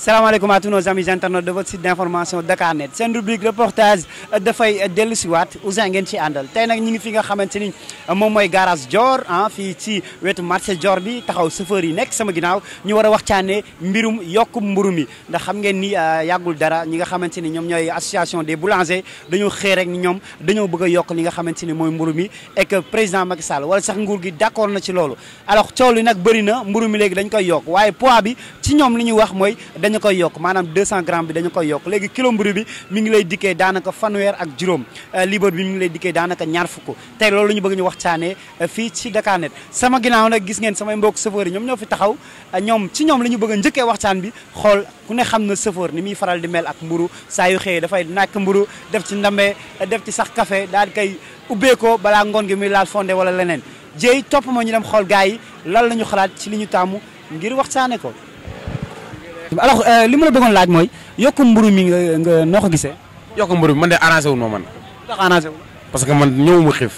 salaamaaleykum à tous nos amis internautes de votre site d'information Dakar Net seen rubrique reportage dafay dellu si waat Ousin ngeen ci àndal tey nag ñu ngi fi nga xamante ni moom mooy garage Dior ah fii ci wetu marché Dior bi taxaw chauffeur yi nekk sama ginnaaw ñu war a waxtaanee mbirum yokku mburu mi ndax xam ngeen ni ah, yàggul dara ñi nga xamante ni ñoom ñooy association des boulangers dañoo xëy rek ñoom dañoo bëgg yokk li nga xamante ni mooy mburu mi président Macky Sall wala sax nguur gi d'accord na ci loolu alors coow li nag bëri na mburu mi léegi dañ koy yokk waaye pois bi ci ñoom li ñu wax mooy dañu koy yokk maanaam 200 grammes bi dañu koy yokk léegi kilo mburu bi mu ngi lay dikkee daanaka fanweer ak juróom euh, liibar bi mi ngi lay dikkee daanaka ñaar fukk te lool la ñu bëgg ñu wax waxtaanee euh, fii ci Dakarnet sama ginnaaw nag gis ngeen samay mbokk chauffeur yi ñoom ñoo fi taxaw euh, ñoom ci ñoom la ñu bëgg a njëkkee waxtaan bi xool ku ne xam na chauffeur ni muy faral di mel ak mburu saa yu xëyee dafay nàkk mburu def ci ndambe def ci sax kafe daal di koy ubbeekoo balaa ngoon gi muy laal fondé wala leneen jéy topp ma ñu dem xool gars yi lan la ñu xalaat ci li ñu tàmm ngir waxtaane ko alors euh, li ma la bëggoon laaj mooy yokku mburu mi nga noo ko gisee. yokku mburu mi man de arrangé ma man. ndax parce que man ñëwuma xiif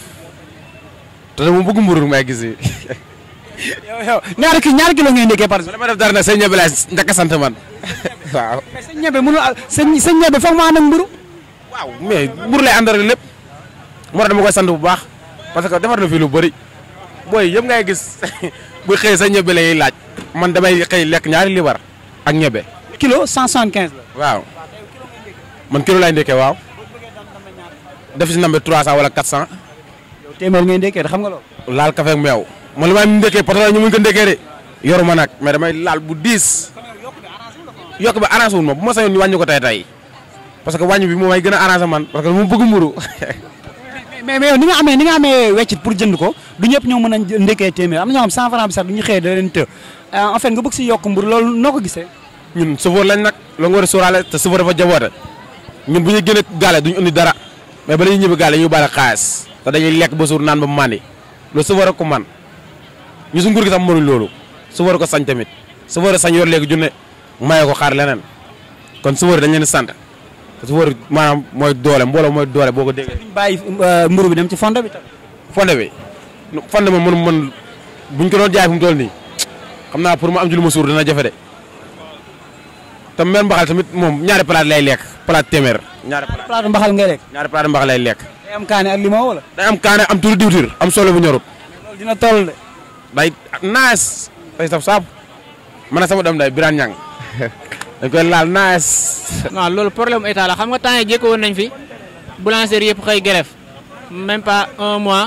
te dama bëgg mburu may gis. yow yow ñaari kii ñaari kilo par exemple. dama def dara nag sëñ ñebe laa a sant man waaw. mais sëñ ñebe mënul sëñ sëñ ñebe foog mu ànd ak mburu. waaw mburu lay àndal lépp moo tax dama koy sant bu baax parce que defar na fi lu bari booy yëpp ngay gis bu xëyee sa ñebe lay laaj man damay xëy lekk ñaari libar ak ñebe. kilo 175 la. waaw man kilo laay ndeke waaw. def si nambe 300 wala cent yow téeméer ngay ndekkee xam nga loolu. laal kafe ak meew. man la ma am ndekkee parce que ñu mën ko ndekkee de. yoruma laal bu diis. yokk bi arrangé wul ma bu ma que bi moom ay gën a arrangé man parce que mu bëgg mburu mais mais ni nga amee ni nga amee weccit pour jënd ko du ñëpp ñoo mën a ndekkee téeméer am na ñoo xam bi sax du ñu xëyee da leen Euh, en fait nga bëgg si yokk mbur loolu noo ko gisee. ñun chauffeur lañ nag loo nga war a sóoraale te chauffeur dafa jaboote ñun bu ñu génne gaale duñu indi dara mais ba la ñibbi gaale ñu baale xaalis te dañuy lekk ba suur naan ba mandi loo chauffeur a ko man ñu su nguur gi tam mënuñ loolu chauffeur ko sañ tamit chauffeur sañ yor léegi junne maye ko xaar leneen kon chauffeur dañ leen sant te chauffeur maanaam mooy doole mboolo mooy doole boo ko déggee. bàyyi euh, mburu bi dem ci fonde bi tam. fonde bi fonde moom mën mën buñ ko doon jaay fu mu xam naa pour mu am ci lu ma suur dana jafe de te mel mbaxal tamit moom ñaari palaat lay lekk palaat téeméer. ñaari palaat mbaxal ngay lekk. ñaari palaat lay lekk. day am kaane am kaane am diwtiir am solo bu ñorut. dina toll de. day naas. day saf saabu man sama doom day biraan ñang dañ koy laal naas. waaw loolu problème état la xam nga temps yii jékkoon nañ fi boulangerie yëpp xëy grève même pas un mois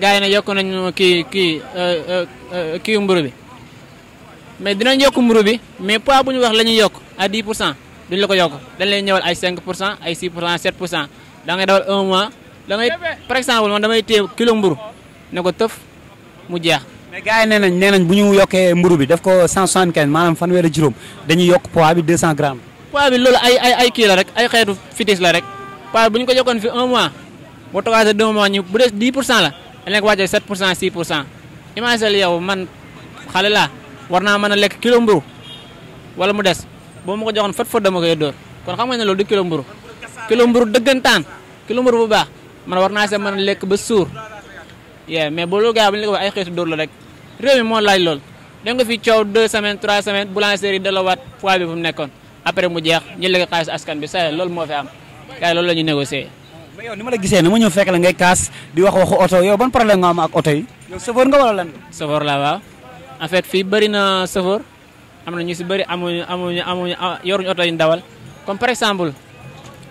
gars yi ne yokk nañ kii kii euh, euh, euh, kii mburu bi. mais dinañ yokk mburu bi mais poids bu wax la ñuy yokk à 10 pour cent duñ la ko yokk dañ ay 5 pour cent ay 6 pour cent 7 pour cent dawal un mois da par exemple man damay téye kilo mburu ne ko tëf mu jeex. mais gars yi nee nañ nee nañ bu ñu yokkee mburu bi daf ko 175 maanaam fanweeri juróom dañuy yokk poids bi 200 grammes. poids bi loolu ay ay rek ay xeetu fitis la rek poids bu ñu ko yokkoon fi un mois boo togaatee deux mois ñu bu dee 10 pour cent la dañ la ko wàccee 7 pour cent 6 man xale laa. war naa man a lekk kilo mburu wala mu des boo ma ko joxoon fat fat dama koy dóor kon xam nga ne loolu du kilo mburu kilo mburu dëggantaan kilo mburu bu baax man war naa see man a lekk ba suur yee mais boo loolu gars yi ba ñu la ko wax ay xeetu dóor la rek réew mi moo laaj loolu da nga fi coow deux semaines trois semaines boulangerie yi dalawaat poids bi fu mu nekkoon après mu jeex ñu lekk xaalis askan bi saa lool moo fi am gars yi loolu la ñu négocier mais yow ma la gisee ni ma ñëw fekk la ngay kaas di wax waxu oto yow ban problème en fait fii bëri na chauffeur am na ñu si bëri amuñu amuñu amuñu ah, yoruñu oto yu ndawal comme par exemple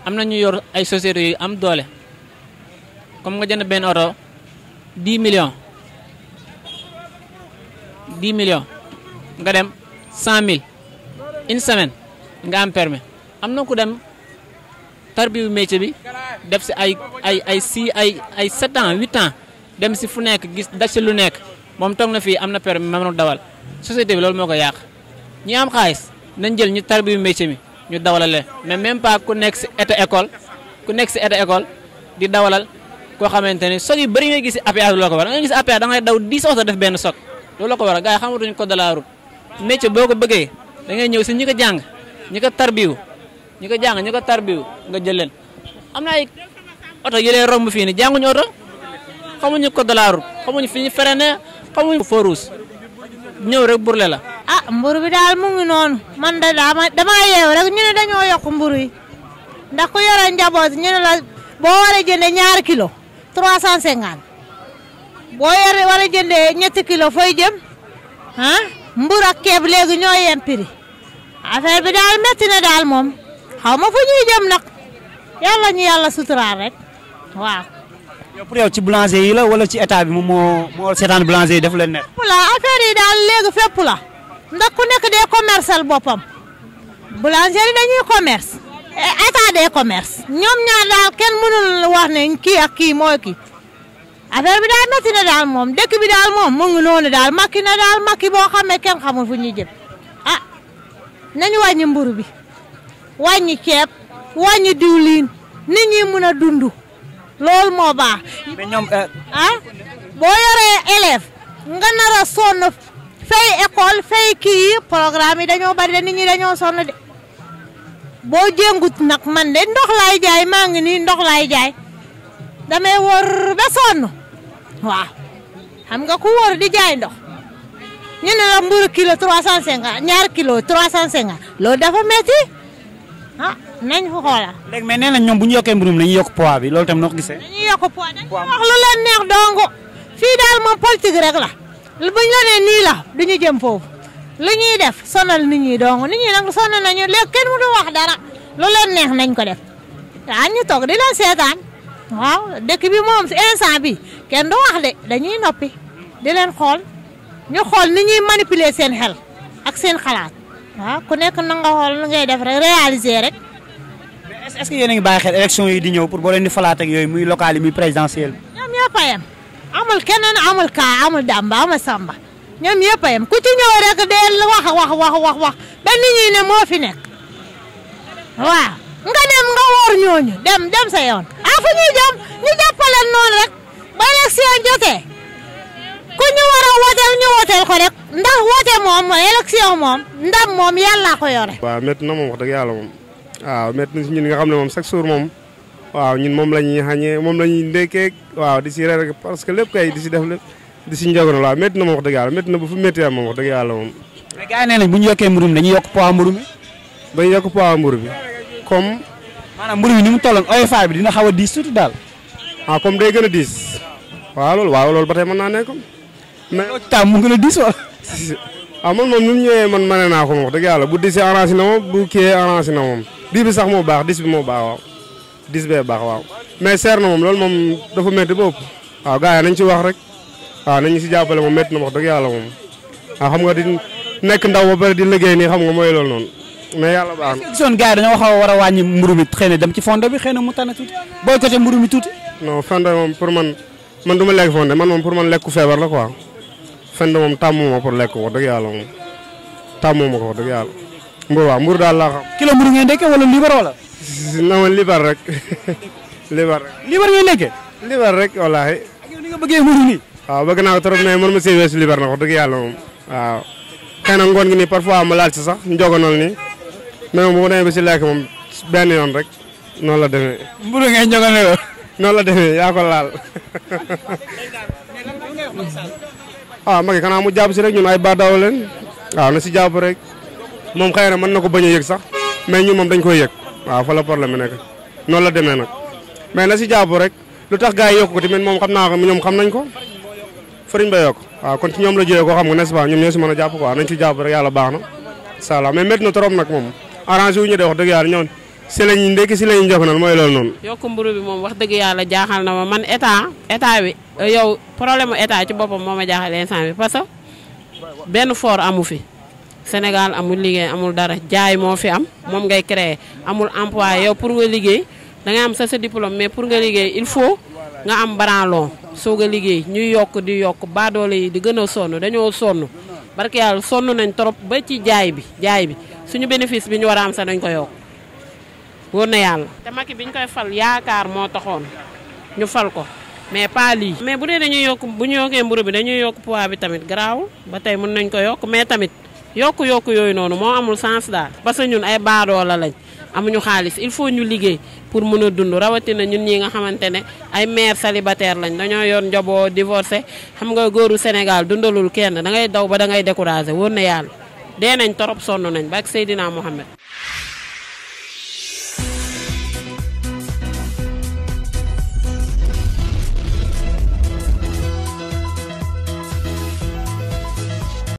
am na ñu yor ay sociétés yu am doole comme nga jënd benn oto 10 millions 10 millions nga dem 100 mille une semaine nga am permis am na ku dem tarbi bu métier bi def si ay ay ay si ay ay 7 ans 8 dem si fu nekk gis daj lu nekk. moom toog na fii am na permis mënul dawal société bi loolu moo ko yàq ñi am xaalis nañ jël ñu tarbi métier mi ñu dawalale mais même pas ku nekk si état école ku nekk si état école di dawalal koo xamante ni soog yu bëri ngay gis si APA loo ko war nga gis APA da ngay daw 10 oto def benn soog loolu la ko war a gars yi ko de la route boo ko bëggee dangay ñëw si ñi ko jàng ñi ko tarbiwu ñi ko jàng ñi ko tarbiwu nga jël leen am na ay oto yu lay romb fii ni jànguñu oto xamuñu ko de la route xamuñu xamuñ forus ñëw rek burle la. ah mburu bi daal mu ngi noonu man da dama damaa yeew rek ñu ne dañoo yokk mburu yi ndax ku yore njaboot ñu la boo war a jëndee ñaari kilo trois cent cinquante boo yore war a ñetti kilo fo jëm ah mburu ak keeb léegi ñoo yem prix affaire bi daal métti daal moom xaw ma fu ñuy jëm nag yàlla ñu yàlla suturaal rek waaw. yow pour yow ci boulanger yi la wala ci état bi moom moo moo seetaan boulanger yi daf leen nekk. fépp la daal léegi fépp la ndax ku nekk day commercial boppam boulanger yi dañuy commerce état des commerce ñoom ñaar daal kenn mënul wax ne kii ak kii mooy kii affaire bi daal métti na daal moom dëkk bi daal moom mu ngi daal makki na daal makki boo xam ne kenn xamul fu ñuy jëm ah nañu wàññi mburu bi wàññi ceeb wàññi diwlin nit ñi mën a dund. loolu moo baax. mais ñoom euh, ah boo yoree nga nar a sonn fay école kii yi programme yi dañoo bari de nit ñi dañoo sonn de boo jéngut nag man de ndox laay jaay maa ngi nii ndox laay jaay damay wër ba sonn waaw nga ku wër di jaay ndox ñu na la mburu kilo 350 ñaar kilo 350 loo dafa métti ah. nañ ko xoolal. léegi mais nee nañ ñoom bu ñu yokkee mbirum dañuy yokk poids bi loolu tam noo ko gisee. dañuy yokk poids dañuy wax lu leen neex dongo fii daal moom politique rek la bu ñu la nee nii la du ñu jëm foofu lu ñuy def sonal nit ñi dong nit ñi nag sonal nañu léegi kenn mënu wax dara lu leen neex nañ ko def waaw ñu toog di leen seetaan waaw dëkk bi moom si instant bi kenn du wax de dañuy noppi di leen xool ñu xool ni ñuy manipuler seen xel ak seen xalaat waaw ku nekk na nga xool nu ngay def rek réaliser rek. est ce que yéen yi di ñëw pour boo leen di falaat ak yooyu muy local yi muy présidentiel ñoom ñëpp a yem amul keneen amul kaa amul dàmba amul samba ñoom ñëpp a yem ku ci rek deel wax wax wax wax ba nit ñi ne nga dem nga woor ñooñu dem dem yoon ah fu ñuy jëm ñu rek ba élection jotee ku ñu war a wooteel ñu ko rek ndax woote moom élection moom ndam moom yàlla ko yore. waaw métti na moom wax dëgg yàlla moom. waaw métti na si ñun nga xam ne moom chaque jour moom waaw ñun moom la ñuy xañee moom la ñuy ndékkee waaw di si reer parce que lépp kay di si def lépp di si njogoon waaw métti na moom wax dëgg yàlla métti bu fu métti moom wax dëgg yàlla bu ñu yokkee mburu mi dañuy yokk poids mburu mi. dañuy yokk poids bi mu tolloon oyofaay bi dina xaw a diis tuuti daal. Ah, comme day gën a diis. waaw waaw loolu ba tey naa nekk. mais tam mu a diis wala. ah man moom ni mu man mane naa ko dëgg yàlla bu diisee arrangé na moom bu kiiyee arrangé na moom dix sax moo baax dix bi moo baax waaw dix baax waaw mais seer na moom loolu moom dafa métti ba ëpp waaw gars nañ ci wax rek waaw nañ si jàppale moom métti na wax dëgg yàlla moom waaw xam nga di nekk ndaw ba pare di liggéey nii xam nga mooy loolu noonu mais yàlla baax na. gisoon dañoo xaw war wàññi mburu mi xëy na dem ci fonde bi xëy na mu tànn tuuti booy ko mi tuuti. non moom pour man man du ma lekk fonde man moom pour man lekku feebar la quoi fonde moom tàmmu ma pour lekk wax dëgg yàlla moom tàmmu ma ko dëgg yàlla mbur waaw daal laa xam. kilo mbur ngay ndekkee wala libar wala. na ma libar rek libar rek. libar ngay nekkee. libar rek wallaahi. ak ni nga mburu nii. waaw bëgg dëgg yàlla ngoon gi nii parfois ma ci sax njogonal nii mais yoon rek noonu la demee. mburu ngay la demee yaa ko laal. ah ma ngi xanaa si rek ñun ay baadaaw leen ah, na si rek. moom xëy na mën na ko bañ a yëg sax mais ñu moom dañ koy yëg waaw fa la problème nekk noonu la demee nag mais na si jàpp rek lu tax gaa yi yokk ko tamit moom xam naa ko ñoom xam nañ ko fëriñ ba yokk waaw kon ci ñoom la jëlee koo xam nga n'est-ce pas ñoom ñoo si mën a jàpp quoi nañ si jàpp rek yàlla baax na sala mais métti na trop nag moom arrangé wu ñu de wax dëgg yàlla ñoom si lañ ndekki si lañ jox nal mooy loolu noonu yokk mburu yàlla jaaxal na ma man état état bi yow problème état ci boppam moo ma jaaxal instant bi parce que benn fort amu fi Sénégal amul liggéey amul dara jaay moo fi am moom ngay créer amul emploi yow pour nga liggéey da am sa sa diplôme mais pour nga liggéey il faut nga am branlon soog a liggéey ñuy yokk di yokk baadoole yi di gën a sonn dañoo sonn barke yàlla sonn nañ trop ba ci jaay bi jaay bi suñu bénéfice bi ñu war a am sax dañ ko yokk wóor na yàlla. te Macky bi ñu koy fal yaakaar moo taxoon ñu fal ko. mais pas lii. mais bu dee dañuy yokk bu ñu yokkee mburu bi dañuy yokk poids bi tamit yokk yokku yooyu noonu moo amul sens daal parce que ñun ay baadoola lañ amuñu xaalis il faut ñu liggéey pour mën a dund rawatina ñun ñi nga xamante ne ay mair célibataire lañ dañoo yor njoboo divorcé xam nga góoru Sénégal dundalul kenn da ngay daw ba da ngay découragé wóor na yàlla dee nañ torop sonn nañ ba seydinaa Seydina Mohamed